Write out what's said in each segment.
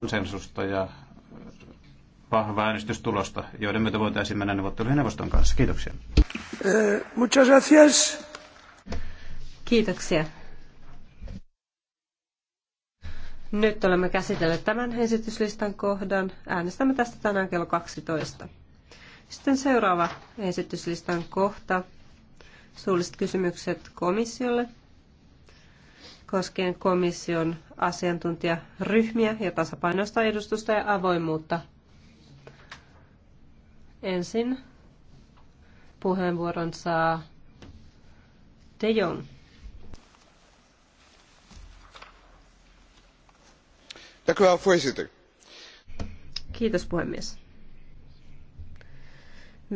konsensusta ja äh, vahvaa äänestystulosta, joiden myötä voitaisiin mennä neuvotteluihin neuvoston kanssa. Kiitoksia. Eh, muchas gracias. Kiitoksia. Nyt olemme käsitelleet tämän esityslistan kohdan. Äänestämme tästä tänään kello 12. Sitten seuraava esityslistan kohta. Suulliset kysymykset komissiolle koskien komission asiantuntijaryhmiä ja tasapainoista edustusta ja avoimuutta. Ensin puheenvuoron saa De Jong. Kiitos puhemies.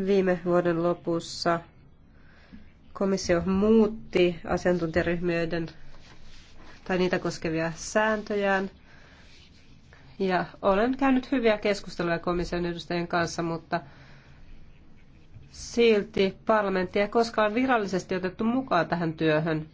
Viime vuoden lopussa komissio muutti asiantuntijaryhmien tai niitä koskevia sääntöjään. Ja olen käynyt hyviä keskusteluja komission edustajien kanssa, mutta silti parlamentti ei koskaan virallisesti otettu mukaan tähän työhön.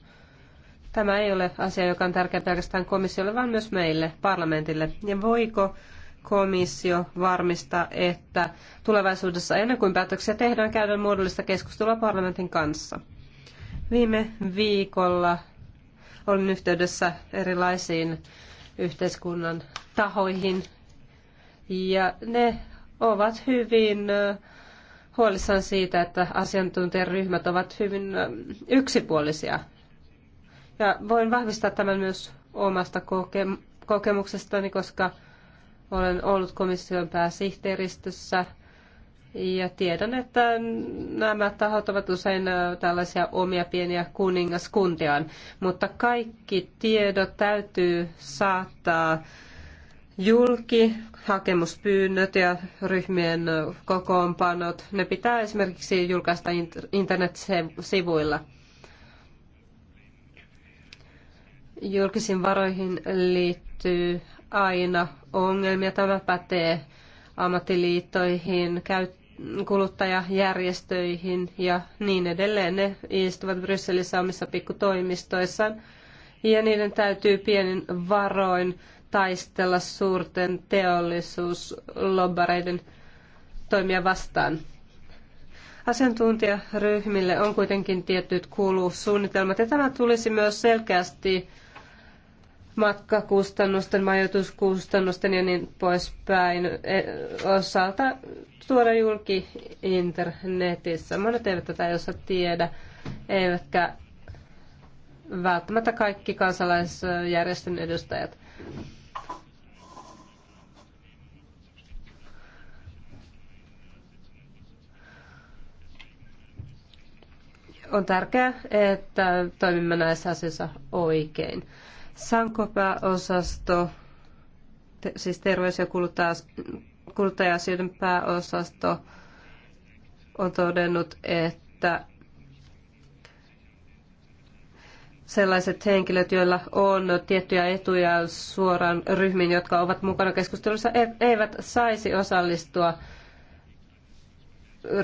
Tämä ei ole asia, joka on tärkeä pelkästään komissiolle, vaan myös meille, parlamentille. Ja voiko komissio varmistaa, että tulevaisuudessa ennen kuin päätöksiä tehdään, käydään muodollista keskustelua parlamentin kanssa? Viime viikolla olen yhteydessä erilaisiin yhteiskunnan tahoihin ja ne ovat hyvin huolissaan siitä, että asiantuntijaryhmät ovat hyvin yksipuolisia. Ja voin vahvistaa tämän myös omasta kokemuksestani, koska olen ollut komission pääsihteeristössä – ja tiedän, että nämä tahot ovat usein tällaisia omia pieniä kuningaskuntiaan, mutta kaikki tiedot täytyy saattaa julki, hakemuspyynnöt ja ryhmien kokoonpanot. Ne pitää esimerkiksi julkaista sivuilla Julkisiin varoihin liittyy aina ongelmia. Tämä pätee ammattiliittoihin, kuluttajajärjestöihin ja niin edelleen. Ne istuvat Brysselissä omissa pikkutoimistoissaan ja niiden täytyy pienin varoin taistella suurten teollisuuslobbareiden toimia vastaan. Asiantuntijaryhmille on kuitenkin tietyt kulusuunnitelmat ja tämä tulisi myös selkeästi matkakustannusten, majoituskustannusten ja niin poispäin e, osalta tuoda julki internetissä. Monet eivät tätä ei osaa tiedä, eivätkä välttämättä kaikki kansalaisjärjestön edustajat. On tärkeää, että toimimme näissä asioissa oikein. Sankopääosasto, te, siis terveys- ja kuluttaja-asioiden pääosasto, on todennut, että sellaiset henkilöt, joilla on tiettyjä etuja suoraan ryhmiin, jotka ovat mukana keskustelussa, e-, eivät saisi osallistua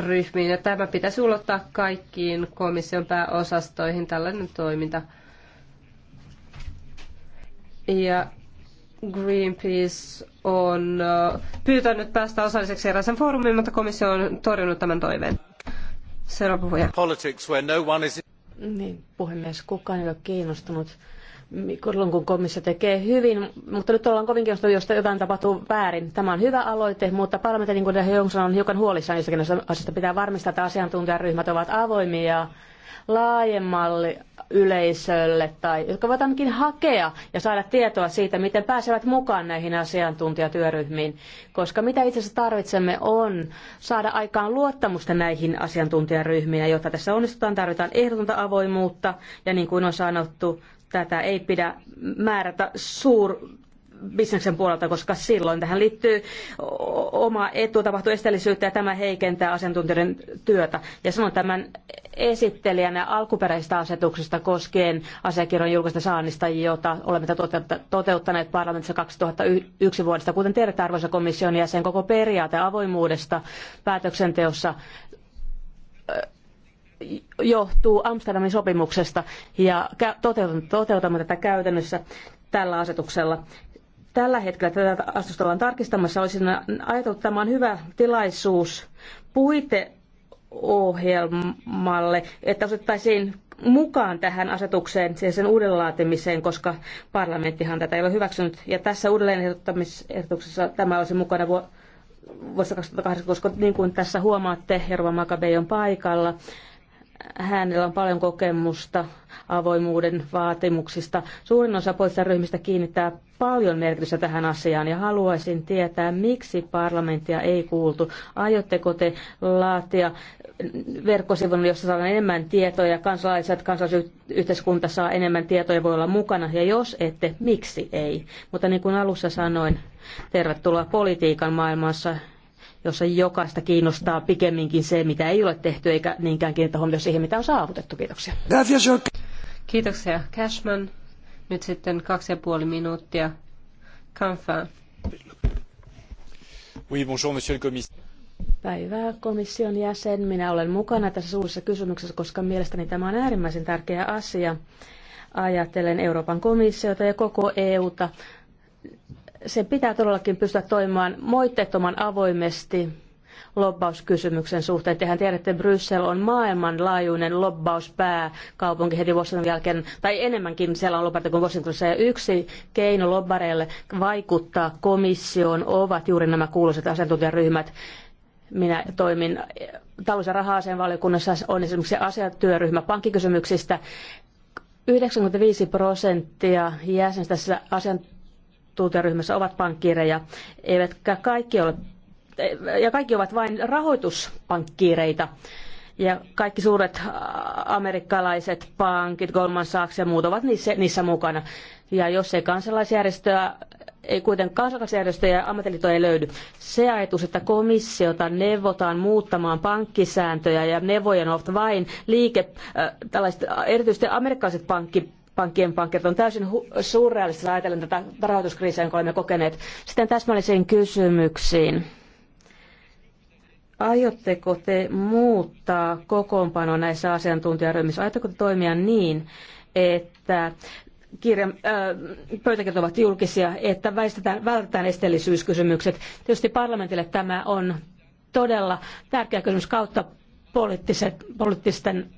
ryhmiin. Ja tämä pitäisi ulottaa kaikkiin komission pääosastoihin tällainen toiminta. Ja Greenpeace on pyytänyt päästä osalliseksi eräisen foorumiin, mutta komissio on torjunut tämän toiveen. Seuraava puhuja. Politics, where no one is... Niin, puhemies, kukaan ei ole kiinnostunut silloin kun komissio tekee hyvin, mutta nyt ollaan kovin kiinnostunut, jos jotain tapahtuu väärin. Tämä on hyvä aloite, mutta parlamentti, niin kuin Hongsan on hiukan huolissaan jostakin asioista, pitää varmistaa, että asiantuntijaryhmät ovat avoimia laajemmalle yleisölle tai jotka voivat ainakin hakea ja saada tietoa siitä, miten pääsevät mukaan näihin asiantuntijatyöryhmiin, koska mitä itse asiassa tarvitsemme on saada aikaan luottamusta näihin asiantuntijaryhmiin ja jotta tässä onnistutaan, tarvitaan ehdotonta avoimuutta ja niin kuin on sanottu, tätä ei pidä määrätä suur bisneksen puolelta, koska silloin tähän liittyy oma etu, tapahtuu esteellisyyttä ja tämä heikentää asiantuntijoiden työtä. Ja sanon tämän esittelijänä alkuperäisestä asetuksesta koskien asiakirjan julkista saannista, jota olemme toteuttaneet parlamentissa 2001 vuodesta. Kuten tiedätte, arvoisa komission jäsen, koko periaate avoimuudesta päätöksenteossa johtuu Amsterdamin sopimuksesta ja toteutamme tätä käytännössä tällä asetuksella. Tällä hetkellä tätä asusta ollaan tarkistamassa. Olisin ajatellut, että tämä on hyvä tilaisuus puiteohjelmalle, että osettaisiin mukaan tähän asetukseen, siis sen uudenlaatimiseen, koska parlamenttihan tätä ei ole hyväksynyt. Ja tässä uudelleenehdottamisehdotuksessa tämä olisi mukana vuodesta 2008, koska niin kuin tässä huomaatte, Herva Makabe on paikalla hänellä on paljon kokemusta avoimuuden vaatimuksista. Suurin osa poliittisista ryhmistä kiinnittää paljon merkitystä tähän asiaan ja haluaisin tietää, miksi parlamenttia ei kuultu. Aiotteko te laatia verkkosivun, jossa saadaan enemmän tietoja ja kansalaiset, kansalaisyhteiskunta saa enemmän tietoja voi olla mukana ja jos ette, miksi ei? Mutta niin kuin alussa sanoin, tervetuloa politiikan maailmassa jossa jokaista kiinnostaa pikemminkin se, mitä ei ole tehty, eikä niinkään kiinnitä huomiota siihen, mitä on saavutettu. Kiitoksia. Kiitoksia Cashman. Nyt sitten kaksi ja puoli minuuttia. Kanfaan. Oui, bonjour, monsieur le commissaire. Päivää komission jäsen. Minä olen mukana tässä suurissa kysymyksessä, koska mielestäni tämä on äärimmäisen tärkeä asia. Ajatellen Euroopan komissiota ja koko EUta sen pitää todellakin pystyä toimimaan moitteettoman avoimesti lobbauskysymyksen suhteen. Tehän tiedätte, että Bryssel on maailmanlaajuinen lobbauspääkaupunki heti Washingtonin jälkeen, tai enemmänkin siellä on lobbareita kuin Washingtonissa. Ja yksi keino lobbareille vaikuttaa komissioon ovat juuri nämä kuuluiset asiantuntijaryhmät. Minä toimin talous- ja raha valiokunnassa on esimerkiksi asiatyöryhmä pankkikysymyksistä. 95 prosenttia jäsenistä asiantuntijaryhmästä tuoteryhmässä ovat pankkiireja, eivätkä kaikki ole, ja kaikki ovat vain rahoituspankkiireita. Ja kaikki suuret äh, amerikkalaiset pankit, Goldman Sachs ja muut ovat niissä, niissä mukana. Ja jos ei kansalaisjärjestöä, ei kuitenkaan kansalaisjärjestöjä ja ammattiliittoja ei löydy. Se ajatus, että komissiota neuvotaan muuttamaan pankkisääntöjä ja neuvojen ovat vain liike, äh, tällaiset äh, erityisesti amerikkalaiset pankit pankkien pankit on täysin surrealistista ajatellen tätä rahoituskriisiä, jonka olemme kokeneet. Sitten täsmällisiin kysymyksiin. Aiotteko te muuttaa kokoonpanoa näissä asiantuntijaryhmissä? Aiotteko te toimia niin, että kirja, äh, pöytäkirjat ovat julkisia, että väistetään, vältetään esteellisyyskysymykset. Tietysti parlamentille tämä on todella tärkeä kysymys kautta poliittisten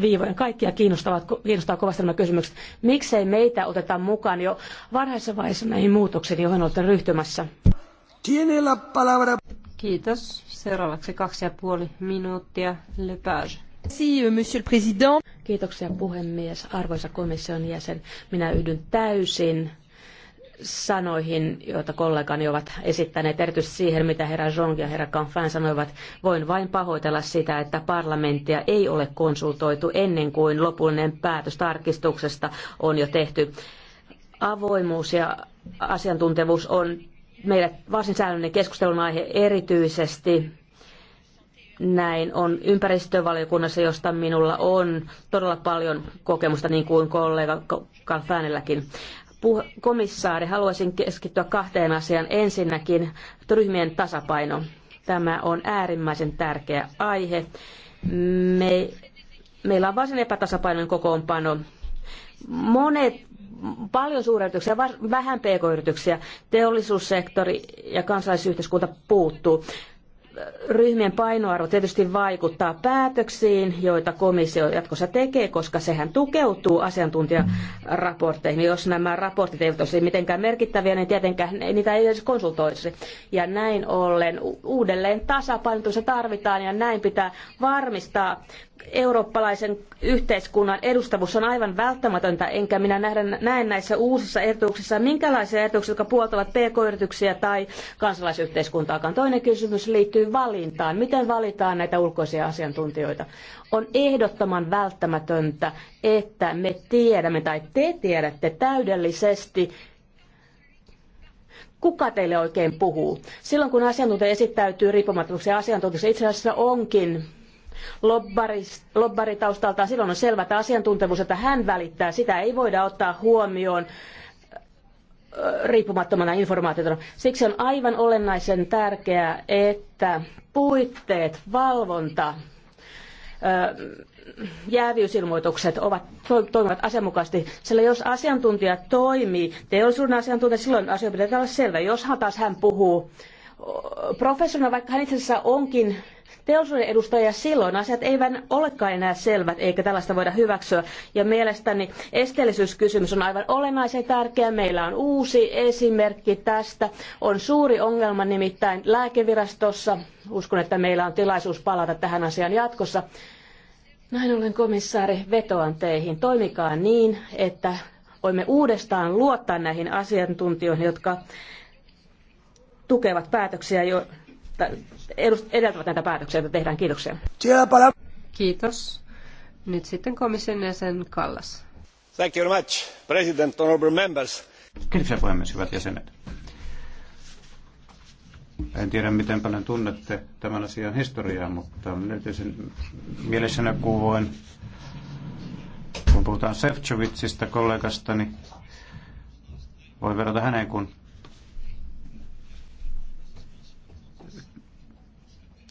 viivojen. Kaikkia kiinnostavat, kiinnostaa kovasti nämä kysymykset. Miksei meitä oteta mukaan jo varhaisessa vaiheessa näihin muutoksiin, joihin olette ryhtymässä? Kiitos. Seuraavaksi kaksi ja puoli minuuttia. Lepage. Euh, monsieur le Président. Kiitoksia puhemies. Arvoisa komission jäsen, minä yhdyn täysin sanoihin, joita kollegani ovat esittäneet, erityisesti siihen, mitä herra Zong ja herra Canfin sanoivat. Voin vain pahoitella sitä, että parlamenttia ei ole konsultoitu ennen kuin lopullinen päätös tarkistuksesta on jo tehty. Avoimuus ja asiantuntevuus on meille varsin säännöllinen keskustelun aihe erityisesti näin on ympäristövaliokunnassa, josta minulla on todella paljon kokemusta, niin kuin kollega Kalfäänelläkin komissaari, haluaisin keskittyä kahteen asiaan. Ensinnäkin ryhmien tasapaino. Tämä on äärimmäisen tärkeä aihe. Me, meillä on varsin epätasapainoinen kokoonpano. Monet paljon suuryrityksiä, vähän pk-yrityksiä, teollisuussektori ja kansalaisyhteiskunta puuttuu ryhmien painoarvo tietysti vaikuttaa päätöksiin, joita komissio jatkossa tekee, koska sehän tukeutuu asiantuntijaraportteihin. Jos nämä raportit eivät olisi mitenkään merkittäviä, niin tietenkään niitä ei edes konsultoisi. Ja näin ollen uudelleen tasapainotusta tarvitaan ja näin pitää varmistaa eurooppalaisen yhteiskunnan edustavuus on aivan välttämätöntä, enkä minä nähdä, näe näissä uusissa ehdotuksissa minkälaisia ehdotuksia, jotka puoltavat pk-yrityksiä tai kansalaisyhteiskuntaakaan. Toinen kysymys liittyy valintaan. Miten valitaan näitä ulkoisia asiantuntijoita? On ehdottoman välttämätöntä, että me tiedämme tai te tiedätte täydellisesti, kuka teille oikein puhuu. Silloin kun asiantuntija esittäytyy riippumattomaksi asiantuntijaksi, itse asiassa onkin lobbaritaustaltaan, silloin on selvä tämä asiantuntemus, että hän välittää. Sitä ei voida ottaa huomioon riippumattomana informaatiotona. Siksi on aivan olennaisen tärkeää, että puitteet, valvonta, jääviysilmoitukset ovat, toimivat asianmukaisesti, sillä jos asiantuntija toimii, teollisuuden asiantuntija, silloin asioiden pitää olla selvä. Jos hän taas hän puhuu professorina, vaikka hän itse asiassa onkin teollisuuden edustajia silloin, asiat eivät olekaan enää selvät, eikä tällaista voida hyväksyä. Ja mielestäni esteellisyyskysymys on aivan olennaisen tärkeä. Meillä on uusi esimerkki tästä. On suuri ongelma nimittäin lääkevirastossa. Uskon, että meillä on tilaisuus palata tähän asiaan jatkossa. Näin ollen komissaari, vetoan teihin. Toimikaa niin, että voimme uudestaan luottaa näihin asiantuntijoihin, jotka tukevat päätöksiä, jo, edeltävät näitä päätöksiä, joita tehdään. Kiitoksia. Kiitos. Nyt sitten komission jäsen Kallas. Thank you very much, President, honorable members. Kiitoksia puhemies, hyvät jäsenet. En tiedä, miten paljon tunnette tämän asian historiaa, mutta erityisen mielessäni kuvoin, kun puhutaan Sefcovicista kollegastani, voi verrata häneen, kun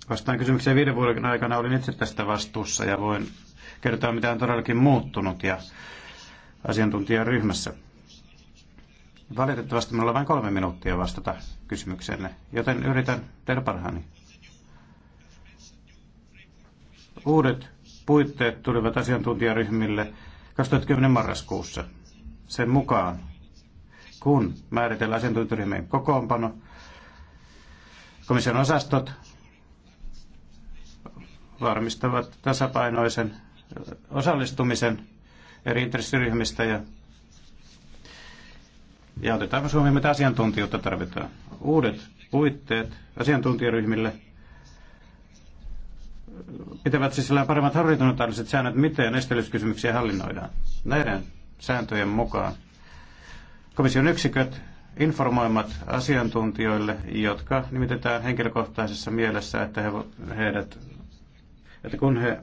Vastaan kysymykseen viiden vuoden aikana olin itse tästä vastuussa ja voin kertoa, mitä on todellakin muuttunut ja asiantuntijaryhmässä. Valitettavasti minulla on vain kolme minuuttia vastata kysymykseenne, joten yritän tehdä parhaani. Uudet puitteet tulivat asiantuntijaryhmille 2010 marraskuussa. Sen mukaan, kun määritellään asiantuntijaryhmien kokoonpano, komission osastot, varmistavat tasapainoisen osallistumisen eri intressiryhmistä ja, ja otetaanpa Suomi, mitä asiantuntijuutta tarvitaan. Uudet puitteet asiantuntijaryhmille pitävät sillä paremmat horisontaaliset säännöt, miten esteellisyyskysymyksiä hallinnoidaan. Näiden sääntöjen mukaan komission yksiköt informoimat asiantuntijoille, jotka nimitetään henkilökohtaisessa mielessä, että he, heidät että kun he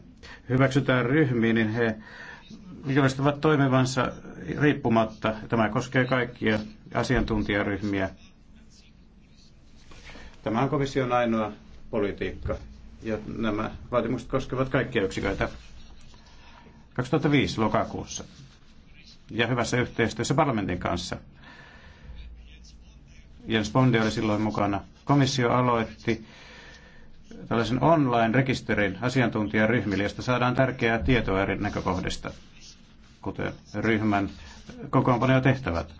hyväksytään ryhmiin, niin he julistavat toimivansa riippumatta. Tämä koskee kaikkia asiantuntijaryhmiä. Tämä on komission ainoa politiikka ja nämä vaatimukset koskevat kaikkia yksiköitä 2005 lokakuussa ja hyvässä yhteistyössä parlamentin kanssa. Jens Bondi oli silloin mukana. Komissio aloitti tällaisen online-rekisterin asiantuntijaryhmille, josta saadaan tärkeää tietoa eri näkökohdista, kuten ryhmän kokoonpano tehtävät.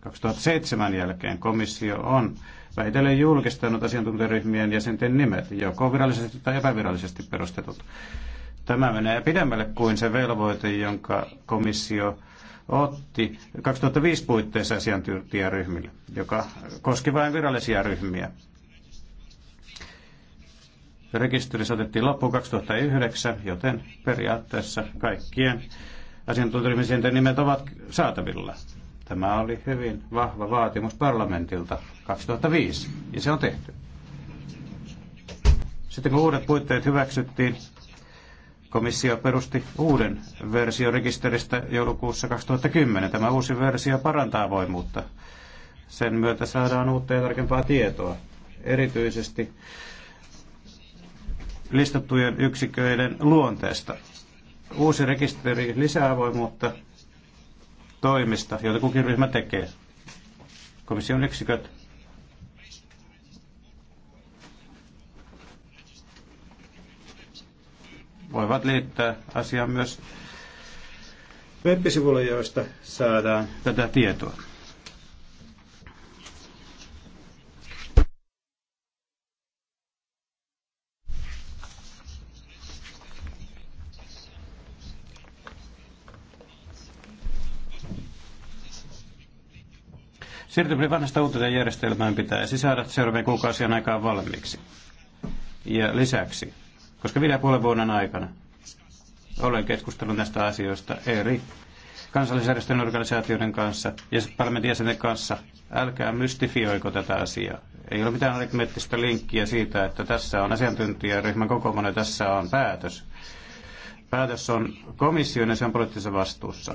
2007 jälkeen komissio on vähitellen julkistanut asiantuntijaryhmien jäsenten nimet, joko virallisesti tai epävirallisesti perustetut. Tämä menee pidemmälle kuin se velvoite, jonka komissio otti 2005 puitteissa asiantuntijaryhmille, joka koski vain virallisia ryhmiä rekisterissä otettiin loppuun 2009, joten periaatteessa kaikkien asiantuntijoiden nimet ovat saatavilla. Tämä oli hyvin vahva vaatimus parlamentilta 2005, ja se on tehty. Sitten kun uudet puitteet hyväksyttiin, komissio perusti uuden version rekisteristä joulukuussa 2010. Tämä uusi versio parantaa avoimuutta. Sen myötä saadaan uutta ja tarkempaa tietoa, erityisesti listattujen yksiköiden luonteesta. Uusi rekisteri lisää avoimuutta toimista, joita kukin ryhmä tekee. Komission yksiköt voivat liittää asiaan myös web joista saadaan tätä tietoa. Siirtyminen vanhasta uuteen järjestelmään pitää saada seuraavien kuukausien aikaan valmiiksi. Ja lisäksi, koska vielä puolen vuoden aikana olen keskustellut näistä asioista eri kansallisjärjestön organisaatioiden kanssa ja parlamentin jäsenen kanssa. Älkää mystifioiko tätä asiaa. Ei ole mitään aritmeettista linkkiä siitä, että tässä on asiantuntijaryhmän kokoomana, tässä on päätös. Päätös on komission ja se on poliittisessa vastuussa.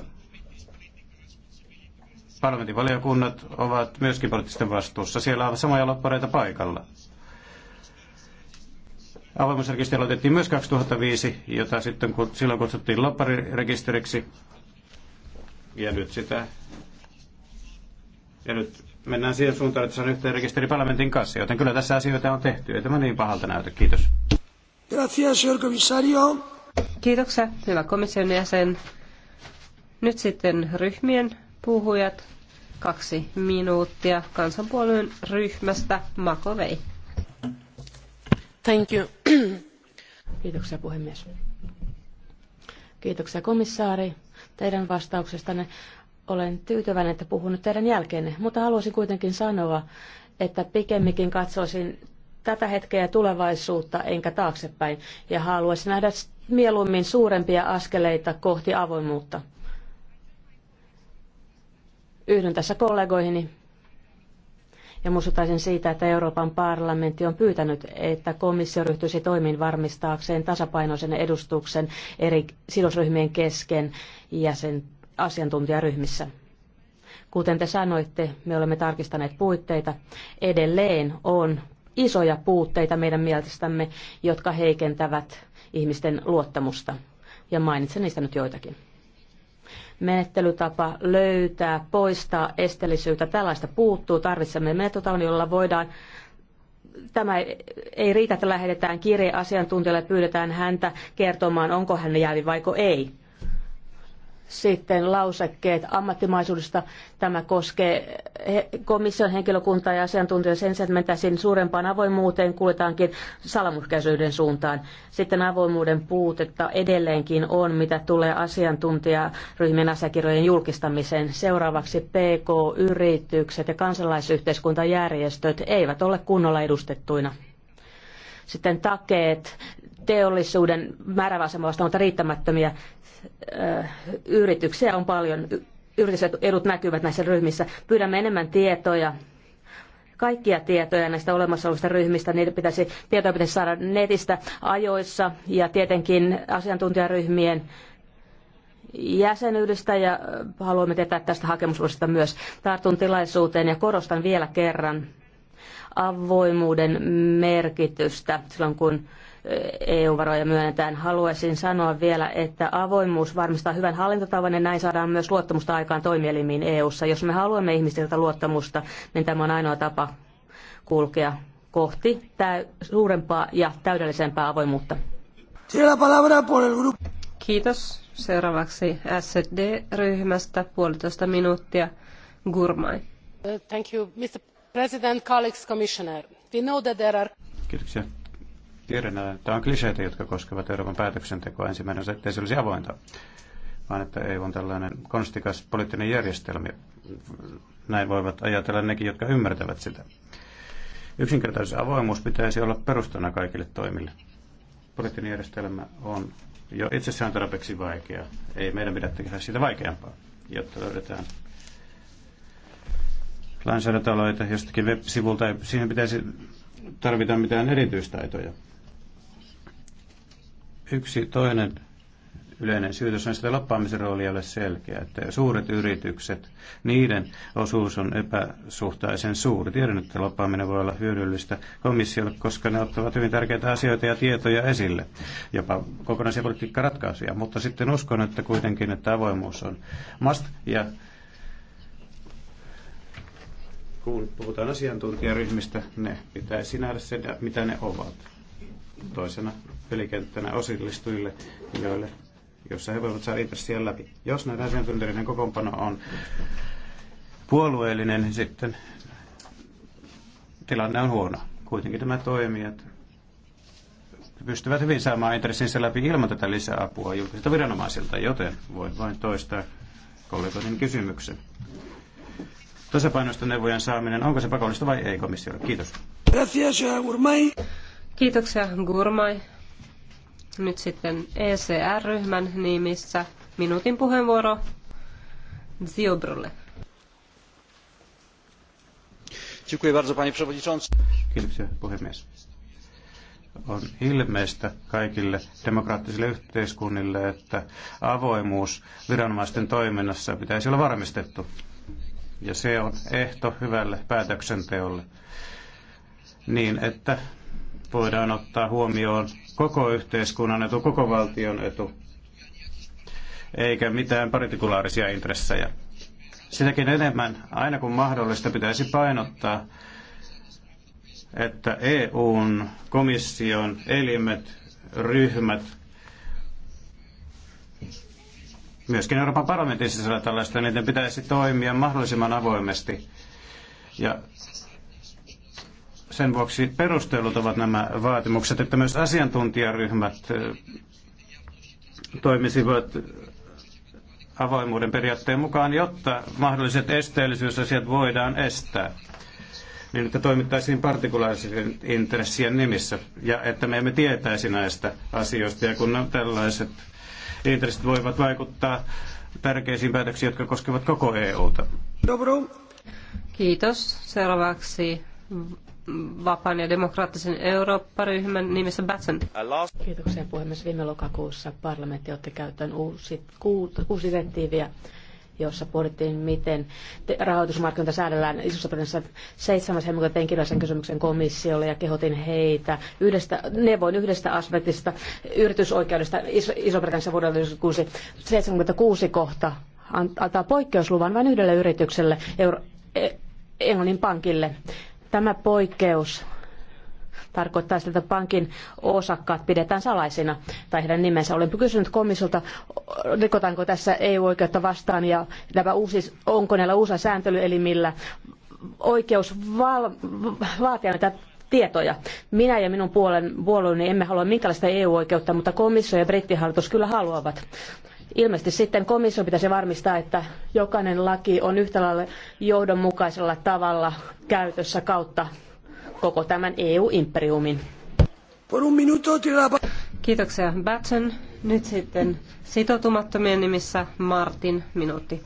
Parlamentin valiokunnat ovat myöskin poliittisten vastuussa. Siellä on samoja loppareita paikalla. Avoimuusrekisteri otettiin myös 2005, jota sitten silloin kutsuttiin lopparirekisteriksi. Ja nyt sitä... Ja nyt mennään siihen suuntaan, että se on yhteen rekisteri parlamentin kanssa, joten kyllä tässä asioita on tehty. Ei tämä niin pahalta näytä. Kiitos. Kiitoksia, hyvä komission jäsen. Nyt sitten ryhmien puhujat. Kaksi minuuttia kansanpuolueen ryhmästä Makovei. Thank you. Kiitoksia puhemies. Kiitoksia komissaari teidän vastauksestanne. Olen tyytyväinen, että puhun nyt teidän jälkeenne, mutta haluaisin kuitenkin sanoa, että pikemminkin katsoisin tätä hetkeä ja tulevaisuutta enkä taaksepäin ja haluaisin nähdä mieluummin suurempia askeleita kohti avoimuutta. Yhdyn tässä kollegoihini ja muistuttaisin siitä, että Euroopan parlamentti on pyytänyt, että komissio ryhtyisi toimiin varmistaakseen tasapainoisen edustuksen eri sidosryhmien kesken ja sen asiantuntijaryhmissä. Kuten te sanoitte, me olemme tarkistaneet puitteita. Edelleen on isoja puutteita meidän mielestämme, jotka heikentävät ihmisten luottamusta. Ja mainitsen niistä nyt joitakin menettelytapa löytää, poistaa esteellisyyttä. Tällaista puuttuu. Tarvitsemme metodan, jolla voidaan Tämä ei riitä, että lähetetään kirje asiantuntijalle ja pyydetään häntä kertomaan, onko hän jäävi vaiko ei sitten lausekkeet ammattimaisuudesta. Tämä koskee komission henkilökuntaa ja asiantuntijoita sen sijaan, että mentäisiin suurempaan avoimuuteen, kuljetaankin salamuhkäisyyden suuntaan. Sitten avoimuuden puutetta edelleenkin on, mitä tulee asiantuntijaryhmien asiakirjojen julkistamiseen. Seuraavaksi PK-yritykset ja kansalaisyhteiskuntajärjestöt eivät ole kunnolla edustettuina sitten takeet teollisuuden määräväasemalla ovat riittämättömiä. Yrityksiä on paljon, yritysedut näkyvät näissä ryhmissä. Pyydämme enemmän tietoja kaikkia tietoja näistä olemassa olevista ryhmistä. Niitä pitäisi, tietoja pitäisi saada netistä ajoissa ja tietenkin asiantuntijaryhmien jäsenyydestä ja haluamme tietää tästä hakemusluosta myös. Tartun tilaisuuteen ja korostan vielä kerran avoimuuden merkitystä silloin, kun EU-varoja myönnetään. Haluaisin sanoa vielä, että avoimuus varmistaa hyvän hallintotavan ja näin saadaan myös luottamusta aikaan toimielimiin EU-ssa. Jos me haluamme ihmisiltä luottamusta, niin tämä on ainoa tapa kulkea kohti tää suurempaa ja täydellisempää avoimuutta. Kiitos. Seuraavaksi SD-ryhmästä puolitoista minuuttia. Gurmai. Uh, thank you, Mr. President, colleagues, Commissioner. We know that there are... Kiitoksia Tiedän, että on kliseitä, jotka koskevat Euroopan päätöksentekoa. Ensimmäinen on että se olisi avointa, vaan että EU on tällainen konstikas poliittinen järjestelmä. Näin voivat ajatella nekin, jotka ymmärtävät sitä. Yksinkertaisuus avoimuus pitäisi olla perustana kaikille toimille. Poliittinen järjestelmä on jo itsessään tarpeeksi vaikea. Ei meidän pidä tehdä siitä vaikeampaa, jotta löydetään lainsäädäntöaloita jostakin web-sivulta. Siihen pitäisi tarvita mitään erityistaitoja. Yksi toinen yleinen syytös on, että lappaamisen rooli ei ole selkeä. Että suuret yritykset, niiden osuus on epäsuhtaisen suuri. Tiedän, että lappaaminen voi olla hyödyllistä komissiolle, koska ne ottavat hyvin tärkeitä asioita ja tietoja esille, jopa kokonaisia politiikkaratkaisuja. Mutta sitten uskon, että kuitenkin, että avoimuus on must ja kun puhutaan asiantuntijaryhmistä, ne pitäisi nähdä se, mitä ne ovat toisena pelikenttänä osallistujille, joille, jossa he voivat saada intressiä läpi. Jos näiden asiantuntijoiden kokoonpano on puolueellinen, niin sitten tilanne on huono. Kuitenkin tämä että pystyvät hyvin saamaan intressinsä läpi ilman tätä lisäapua julkisilta viranomaisilta, joten voin vain toistaa kollegoiden kysymyksen. Tasapainoista neuvojen saaminen, onko se pakollista vai ei komissiolle? Kiitos. Gracias, Kiitoksia Gurmai. Nyt sitten ECR-ryhmän nimissä minuutin puheenvuoro Ziobrulle. Dziękuję Kiitoksia, puhemies. On ilmeistä kaikille demokraattisille yhteiskunnille, että avoimuus viranomaisten toiminnassa pitäisi olla varmistettu. Ja se on ehto hyvälle päätöksenteolle. Niin, että voidaan ottaa huomioon koko yhteiskunnan etu, koko valtion etu, eikä mitään partikulaarisia intressejä. Sitäkin enemmän, aina kun mahdollista, pitäisi painottaa, että EUn komission elimet, ryhmät, myöskin Euroopan parlamentin sisällä tällaista, niiden pitäisi toimia mahdollisimman avoimesti ja sen vuoksi perustelut ovat nämä vaatimukset, että myös asiantuntijaryhmät toimisivat avoimuuden periaatteen mukaan, jotta mahdolliset esteellisyysasiat voidaan estää niin että toimittaisiin partikulaarisen intressien nimissä ja että me emme tietäisi näistä asioista ja kun tällaiset intressit voivat vaikuttaa tärkeisiin päätöksiin, jotka koskevat koko EUta. Dobro. Kiitos. Seuraavaksi vapaan ja demokraattisen Eurooppa-ryhmän nimissä Batson. Kiitoksia puhemies. Viime lokakuussa parlamentti otti käyttöön uusi, uusi direktiiviä jossa pohdittiin, miten te- rahoitusmarkkinoita säädellään isossa pöydässä 7. helmikuuta tein kirjallisen kysymyksen komissiolle ja kehotin heitä yhdestä, neuvoin yhdestä aspektista yritysoikeudesta Iso-Britanniassa vuodelta 1976, 76 kohta antaa poikkeusluvan vain yhdelle yritykselle Euro- e-, Englannin pankille Tämä poikkeus tarkoittaa sitä, että pankin osakkaat pidetään salaisina tai heidän nimensä. Olen kysynyt komissiolta, rikotaanko tässä EU-oikeutta vastaan ja tämä uusi, onko näillä uusia sääntelyelimillä oikeus val, vaatia näitä tietoja. Minä ja minun puolen, puolueeni emme halua minkälaista EU-oikeutta, mutta komissio ja brittihallitus kyllä haluavat. Ilmeisesti sitten komissio pitäisi varmistaa, että jokainen laki on yhtä lailla johdonmukaisella tavalla käytössä kautta koko tämän EU-imperiumin. Kiitoksia Batson. Nyt sitten sitoutumattomien nimissä Martin minuutti.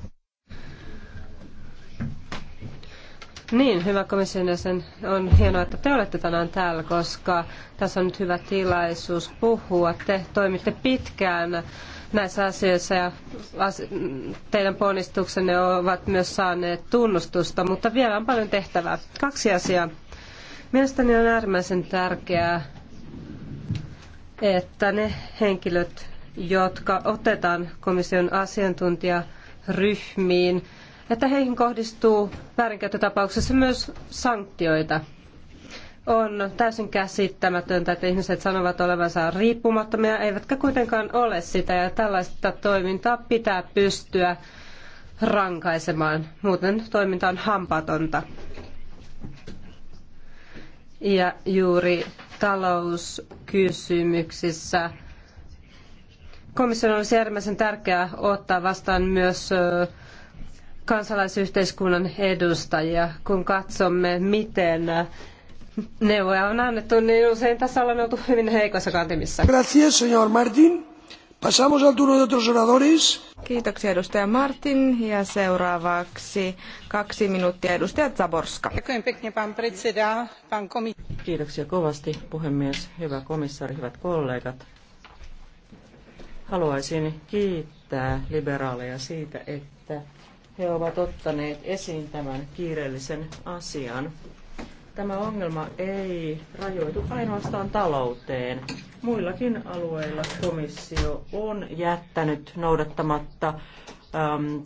Niin, hyvä komission jäsen. On hienoa, että te olette tänään täällä, koska tässä on nyt hyvä tilaisuus puhua. Te toimitte pitkään näissä asioissa ja teidän ponnistuksenne ovat myös saaneet tunnustusta, mutta vielä on paljon tehtävää. Kaksi asiaa. Mielestäni on äärimmäisen tärkeää, että ne henkilöt, jotka otetaan komission asiantuntijaryhmiin, että heihin kohdistuu väärinkäyttötapauksessa myös sanktioita – on täysin käsittämätöntä, että ihmiset sanovat olevansa riippumattomia, eivätkä kuitenkaan ole sitä, ja tällaista toimintaa pitää pystyä rankaisemaan. Muuten toiminta on hampatonta. Ja juuri talouskysymyksissä komission olisi äärimmäisen tärkeää ottaa vastaan myös kansalaisyhteiskunnan edustajia, kun katsomme, miten neuvoja on annettu, niin usein tässä ollaan oltu hyvin heikoissa kantimissa. Gracias, señor Martin. Pasamos al turno de otros oradores. Kiitoksia edustaja Martin ja seuraavaksi kaksi minuuttia edustaja Zaborska. Kiitoksia kovasti puhemies, hyvä komissaari, hyvät kollegat. Haluaisin kiittää liberaaleja siitä, että he ovat ottaneet esiin tämän kiireellisen asian tämä ongelma ei rajoitu ainoastaan talouteen. Muillakin alueilla komissio on jättänyt noudattamatta äm,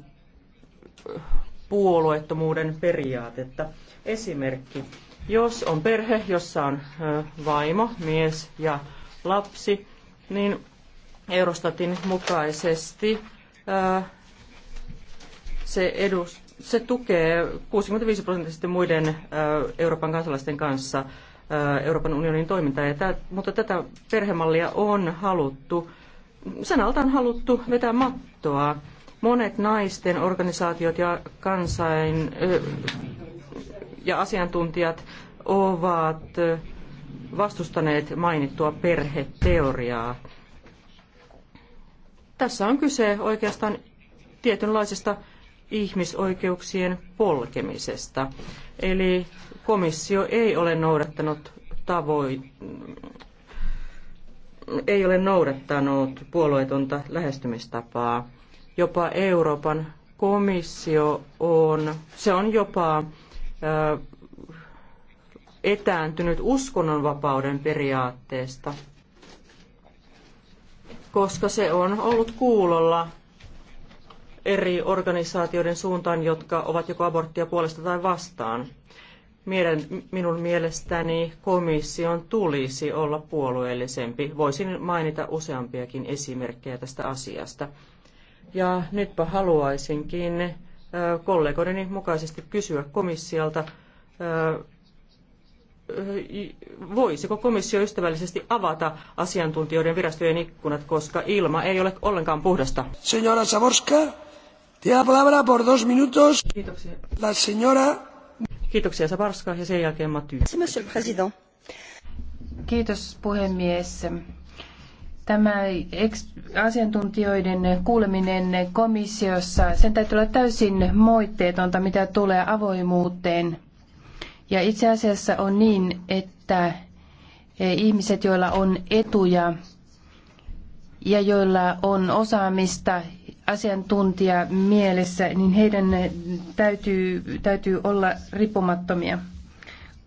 puolueettomuuden periaatetta. Esimerkki. Jos on perhe, jossa on äh, vaimo, mies ja lapsi, niin Eurostatin mukaisesti äh, se edustaa se tukee 65 prosenttisesti muiden Euroopan kansalaisten kanssa Euroopan unionin toimintaa, ja tämä, mutta tätä perhemallia on haluttu, sen alta on haluttu vetää mattoa. Monet naisten organisaatiot ja kansain ja asiantuntijat ovat vastustaneet mainittua perheteoriaa. Tässä on kyse oikeastaan tietynlaisesta ihmisoikeuksien polkemisesta. Eli komissio ei ole noudattanut tavoin, ei ole noudattanut puolueetonta lähestymistapaa. Jopa Euroopan komissio on, se on jopa etääntynyt uskonnonvapauden periaatteesta, koska se on ollut kuulolla eri organisaatioiden suuntaan, jotka ovat joko aborttia puolesta tai vastaan. minun mielestäni komission tulisi olla puolueellisempi. Voisin mainita useampiakin esimerkkejä tästä asiasta. Ja nytpä haluaisinkin kollegoideni mukaisesti kysyä komissiolta, voisiko komissio ystävällisesti avata asiantuntijoiden virastojen ikkunat, koska ilma ei ole ollenkaan puhdasta. Signora Savorska. Monsieur le Président. Kiitos puhemies. Tämä asiantuntijoiden kuuleminen komissiossa, sen täytyy olla täysin moitteetonta, mitä tulee avoimuuteen. Ja itse asiassa on niin, että e, ihmiset, joilla on etuja ja joilla on osaamista asiantuntija mielessä, niin heidän täytyy, täytyy olla riippumattomia.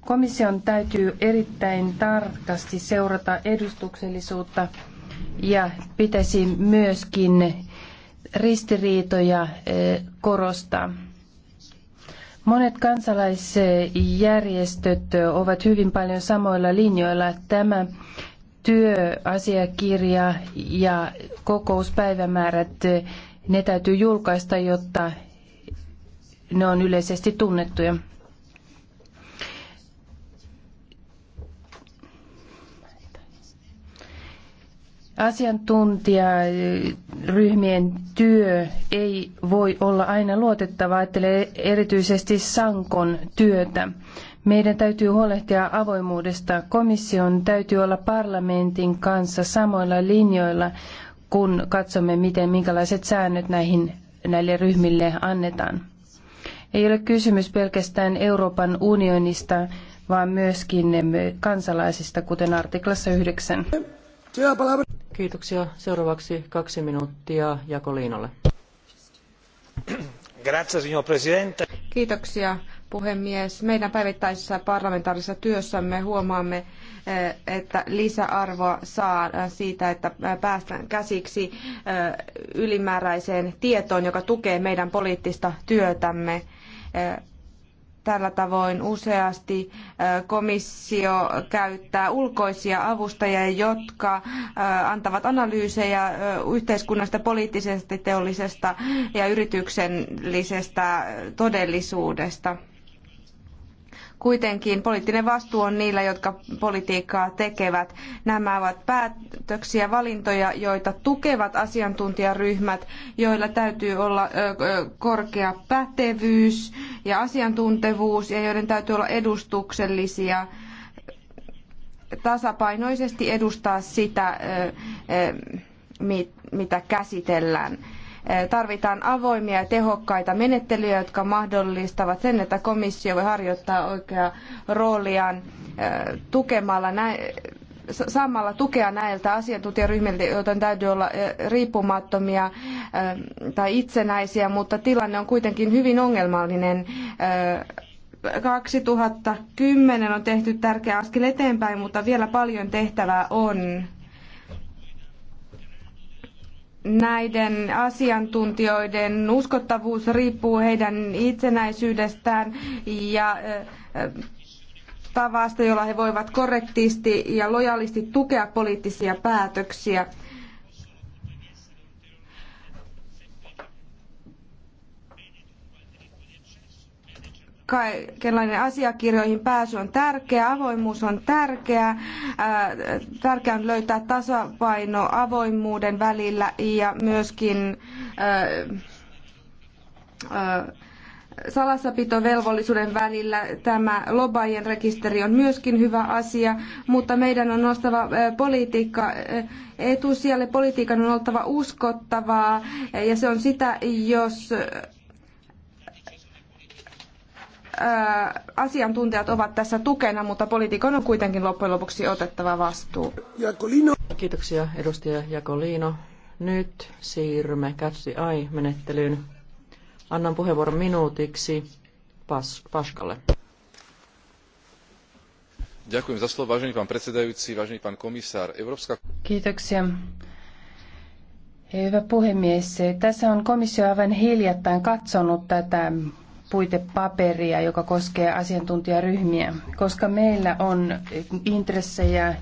Komission täytyy erittäin tarkasti seurata edustuksellisuutta ja pitäisi myöskin ristiriitoja eh, korostaa. Monet kansalaisjärjestöt ovat hyvin paljon samoilla linjoilla. Tämä työasiakirja ja kokouspäivämäärät ne täytyy julkaista, jotta ne on yleisesti tunnettuja. asiantuntijaryhmien työ ei voi olla aina luotettavaa, ajattelee erityisesti Sankon työtä. Meidän täytyy huolehtia avoimuudesta. Komission täytyy olla parlamentin kanssa samoilla linjoilla kun katsomme, miten, minkälaiset säännöt näihin, näille ryhmille annetaan. Ei ole kysymys pelkästään Euroopan unionista, vaan myöskin kansalaisista, kuten artiklassa 9. Kiitoksia. Seuraavaksi kaksi minuuttia Jakoliinolle. Grazie, signor Presidente. Kiitoksia puhemies. Meidän päivittäisessä parlamentaarisessa työssämme huomaamme, eh, että lisäarvoa saa eh, siitä, että eh, päästään käsiksi ylimääräiseen tietoon, joka tukee meidän poliittista työtämme tällä tavoin useasti komissio käyttää ulkoisia avustajia, jotka antavat analyysejä yhteiskunnasta, poliittisesta, teollisesta ja yrityksellisestä todellisuudesta. Kuitenkin poliittinen vastuu on niillä, jotka politiikkaa tekevät. Nämä ovat päätöksiä, valintoja, joita tukevat asiantuntijaryhmät, joilla täytyy olla korkea pätevyys ja asiantuntevuus ja joiden täytyy olla edustuksellisia tasapainoisesti edustaa sitä, mitä käsitellään. Tarvitaan avoimia ja tehokkaita menettelyjä, jotka mahdollistavat sen, että komissio voi harjoittaa oikeaa rooliaan äh, tukemalla saamalla tukea näiltä asiantuntijaryhmiltä, joten täytyy olla äh, riippumattomia äh, tai itsenäisiä, mutta tilanne on kuitenkin hyvin ongelmallinen. 2010 on tehty tärkeä askel eteenpäin, mutta vielä paljon tehtävää on näiden asiantuntijoiden uskottavuus riippuu heidän itsenäisyydestään ja tavasta, jolla he voivat korrektisti ja lojalisti tukea poliittisia päätöksiä. kaikenlainen asiakirjoihin pääsy on tärkeää, avoimuus on tärkeää, äh, tärkeää on löytää tasapaino avoimuuden välillä ja myöskin äh, äh, salassapitovelvollisuuden välillä tämä lobajien rekisteri on myöskin hyvä asia, mutta meidän on nostava politiikka etusijalle. Politiikan on oltava uskottavaa ja se on sitä, jos asiantuntijat ovat tässä tukena, mutta poliitikon on kuitenkin loppujen lopuksi otettava vastuu. Jakolino. Kiitoksia edustaja Jakolino. Nyt siirrymme Catch menettelyyn Annan puheenvuoron minuutiksi Pas- Paskalle. Ďakujem za slovo, vážený pán predsedajúci, vážený pán komisár. Európska... Kiitoksia. Hyvä puhemies. Tässä on komissio aivan hiljattain katsonut tätä puitepaperia, joka koskee asiantuntijaryhmiä, koska meillä on intressejä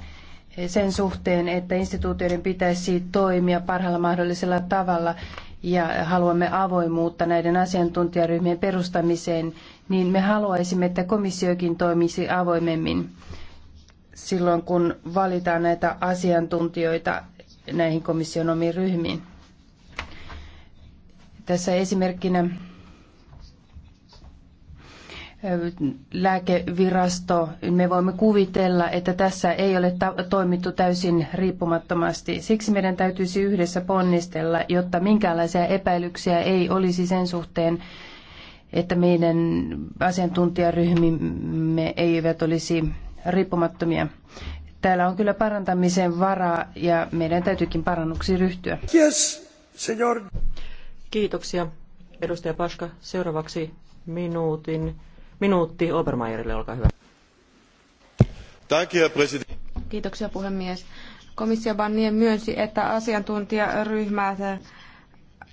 sen suhteen, että instituutioiden pitäisi toimia parhaalla mahdollisella tavalla ja haluamme avoimuutta näiden asiantuntijaryhmien perustamiseen, niin me haluaisimme, että komissiokin toimisi avoimemmin silloin, kun valitaan näitä asiantuntijoita näihin komission omiin ryhmiin. Tässä esimerkkinä lääkevirasto, me voimme kuvitella, että tässä ei ole toimittu täysin riippumattomasti. Siksi meidän täytyisi yhdessä ponnistella, jotta minkäänlaisia epäilyksiä ei olisi sen suhteen, että meidän asiantuntijaryhmimme eivät olisi riippumattomia. Täällä on kyllä parantamisen varaa ja meidän täytyykin parannuksi ryhtyä. Yes, señor. Kiitoksia, edustaja Paska. Seuraavaksi minuutin Minuutti Obermeierille, olkaa hyvä. Kiitoksia puhemies. Komissio Barnier myönsi, että asiantuntijaryhmät äh,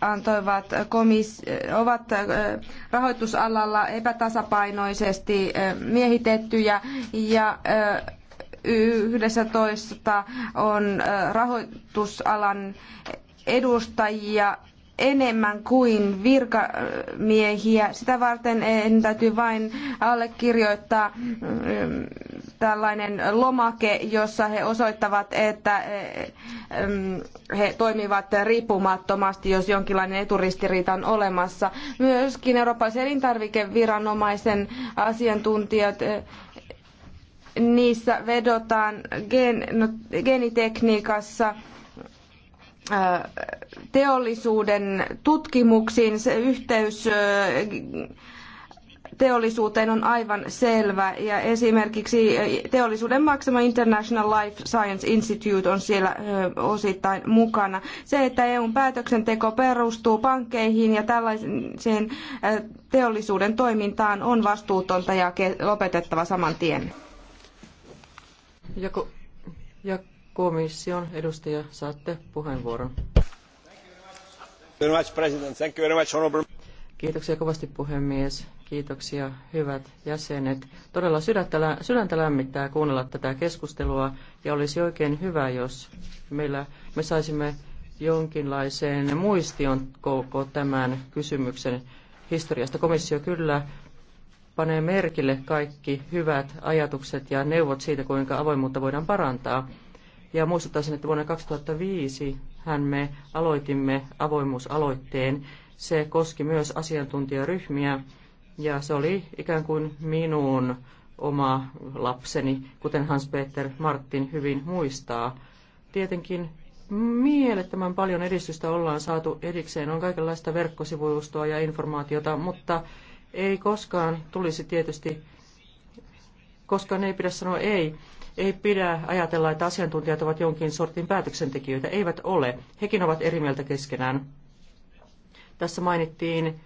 antoivat komis, äh, ovat äh, rahoitusalalla epätasapainoisesti miehitettyjä ja 11 on rahoitusalan edustajia enemmän kuin virkamiehiä. Sitä varten en täytyy vain allekirjoittaa mm, tällainen lomake, jossa he osoittavat, että eh, mm, he toimivat riippumattomasti, jos jonkinlainen eturistiriita on olemassa. Myöskin Euroopan elintarvikeviranomaisen asiantuntijat eh, niissä vedotaan gen, no, genitekniikassa teollisuuden tutkimuksiin. Se yhteys teollisuuteen on aivan selvä ja esimerkiksi teollisuuden maksama International Life Science Institute on siellä osittain mukana. Se, että EUn päätöksenteko perustuu pankkeihin ja tällaiseen teollisuuden toimintaan on vastuutonta ja lopetettava saman tien. Joku, joku komission edustaja, saatte puheenvuoron. Kiitoksia kovasti puhemies. Kiitoksia hyvät jäsenet. Todella sydäntä, sydäntä lämmittää kuunnella tätä keskustelua ja olisi oikein hyvä, jos meillä, me saisimme jonkinlaiseen muistion koko tämän kysymyksen historiasta. Komissio kyllä panee merkille kaikki hyvät ajatukset ja neuvot siitä, kuinka avoimuutta voidaan parantaa. Ja muistuttaisin, että vuonna 2005 hän me aloitimme avoimuusaloitteen. Se koski myös asiantuntijaryhmiä ja se oli ikään kuin minun oma lapseni, kuten Hans-Peter Martin hyvin muistaa. Tietenkin mielettömän paljon edistystä ollaan saatu edikseen. On kaikenlaista verkkosivuustoa ja informaatiota, mutta ei koskaan tulisi tietysti, koskaan ei pidä sanoa ei. Ei pidä ajatella, että asiantuntijat ovat jonkin sortin päätöksentekijöitä. Eivät ole. Hekin ovat eri mieltä keskenään. Tässä mainittiin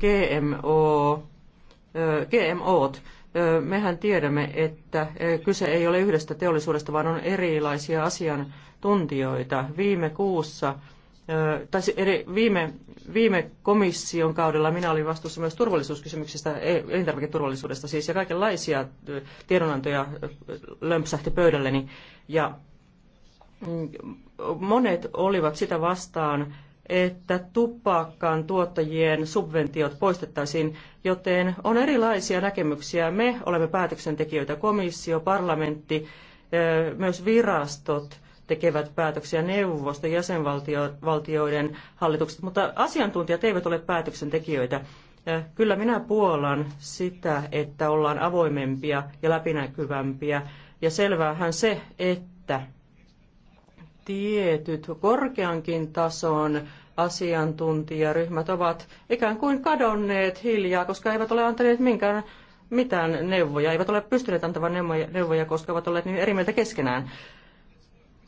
GMO, GMOt. Mehän tiedämme, että kyse ei ole yhdestä teollisuudesta, vaan on erilaisia asiantuntijoita. Viime kuussa tai eri, viime, viime komission kaudella minä olin vastuussa myös turvallisuuskysymyksistä, e, elintarviketurvallisuudesta siis, ja kaikenlaisia tiedonantoja lömpsähti pöydälleni. Ja mm, monet olivat sitä vastaan, että tupakan tuottajien subventiot poistettaisiin, joten on erilaisia näkemyksiä. Me olemme päätöksentekijöitä, komissio, parlamentti, myös virastot – tekevät päätöksiä neuvosto, jäsenvaltioiden hallitukset, mutta asiantuntijat eivät ole päätöksentekijöitä. Kyllä minä puolan sitä, että ollaan avoimempia ja läpinäkyvämpiä. Ja selväähän se, että tietyt korkeankin tason asiantuntijaryhmät ovat ikään kuin kadonneet hiljaa, koska eivät ole antaneet minkään mitään neuvoja, eivät ole pystyneet antamaan neuvoja, koska ovat olleet niin eri mieltä keskenään.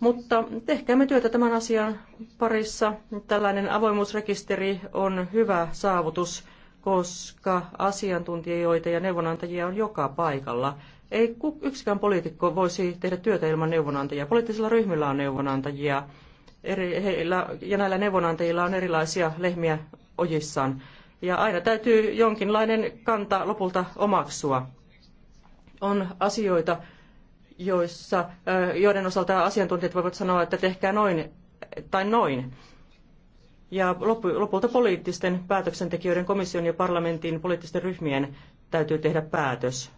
Mutta tehkäämme työtä tämän asian parissa. Tällainen avoimuusrekisteri on hyvä saavutus, koska asiantuntijoita ja neuvonantajia on joka paikalla. Ei yksikään poliitikko voisi tehdä työtä ilman neuvonantajia. Poliittisilla ryhmillä on neuvonantajia eri, heillä, ja näillä neuvonantajilla on erilaisia lehmiä ojissaan. Ja aina täytyy jonkinlainen kanta lopulta omaksua. On asioita, joissa, joiden osalta asiantuntijat voivat sanoa, että tehkää noin tai noin. Ja lopulta poliittisten päätöksentekijöiden, komission ja parlamentin poliittisten ryhmien täytyy tehdä päätös.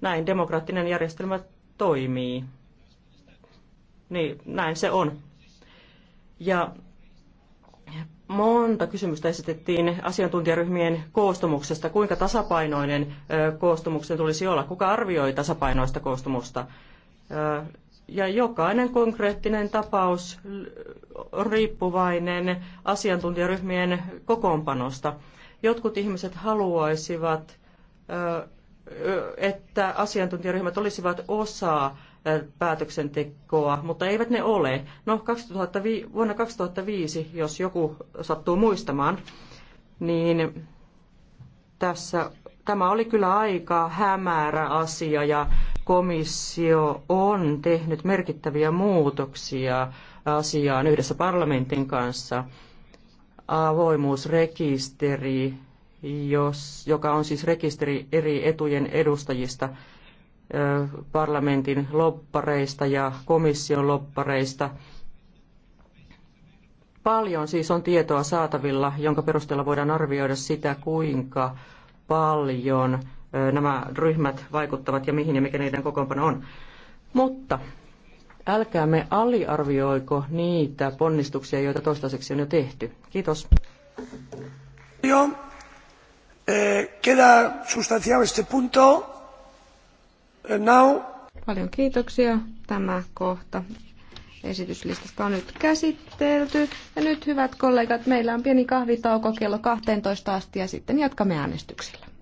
Näin demokraattinen järjestelmä toimii. Niin, näin se on. Ja monta kysymystä esitettiin asiantuntijaryhmien koostumuksesta. Kuinka tasapainoinen koostumuksen tulisi olla? Kuka arvioi tasapainoista koostumusta? Ja jokainen konkreettinen tapaus on riippuvainen asiantuntijaryhmien kokoonpanosta. Jotkut ihmiset haluaisivat, että asiantuntijaryhmät olisivat osa päätöksentekoa, mutta eivät ne ole. No 2005, vuonna 2005, jos joku sattuu muistamaan, niin tässä, tämä oli kyllä aika hämärä asia ja komissio on tehnyt merkittäviä muutoksia asiaan yhdessä parlamentin kanssa. Avoimuusrekisteri, jos, joka on siis rekisteri eri etujen edustajista, parlamentin loppareista ja komission loppareista. Paljon siis on tietoa saatavilla, jonka perusteella voidaan arvioida sitä, kuinka paljon nämä ryhmät vaikuttavat ja mihin ja mikä niiden kokoonpano on. Mutta älkäämme aliarvioiko niitä ponnistuksia, joita toistaiseksi on jo tehty. Kiitos. Joo. Eh, queda sustanciado este punto. Uh, now. Paljon kiitoksia. Tämä kohta esityslistasta on nyt käsitelty. Ja nyt, hyvät kollegat, meillä on pieni kahvitauko kello 12 asti ja sitten jatkamme äänestyksellä.